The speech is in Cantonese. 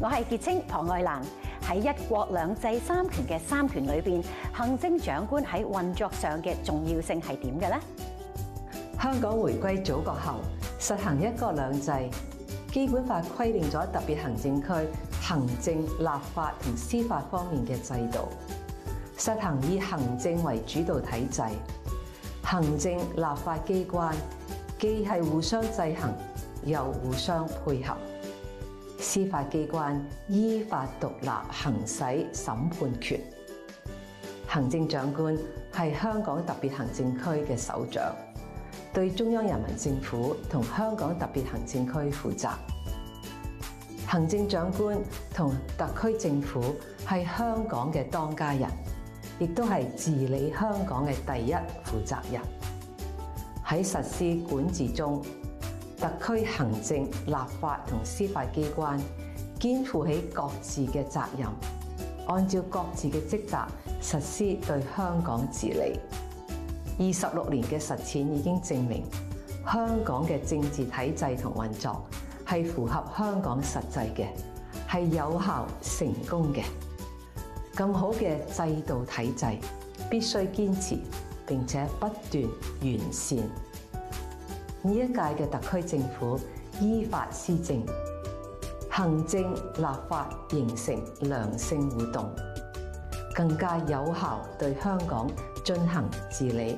我係傑青龐愛蘭。喺一國兩制三權嘅三權裏邊，行政長官喺運作上嘅重要性係點嘅呢？香港回歸祖國後，實行一國兩制，基本法規定咗特別行政區行政、立法同司法方面嘅制度，實行以行政為主導體制，行政立法機關既係互相制衡，又互相配合。司法機關依法獨立行使審判權。行政長官係香港特別行政區嘅首長，對中央人民政府同香港特別行政區負責。行政長官同特區政府係香港嘅當家人，亦都係治理香港嘅第一負責人。喺實施管治中，特區行政、立法同司法機關肩負起各自嘅責任，按照各自嘅職責實施對香港治理。二十六年嘅實踐已經證明，香港嘅政治體制同運作係符合香港實際嘅，係有效成功嘅。咁好嘅制度體制必須堅持，並且不斷完善。呢一屆嘅特區政府依法施政，行政立法形成良性互動，更加有效對香港進行治理。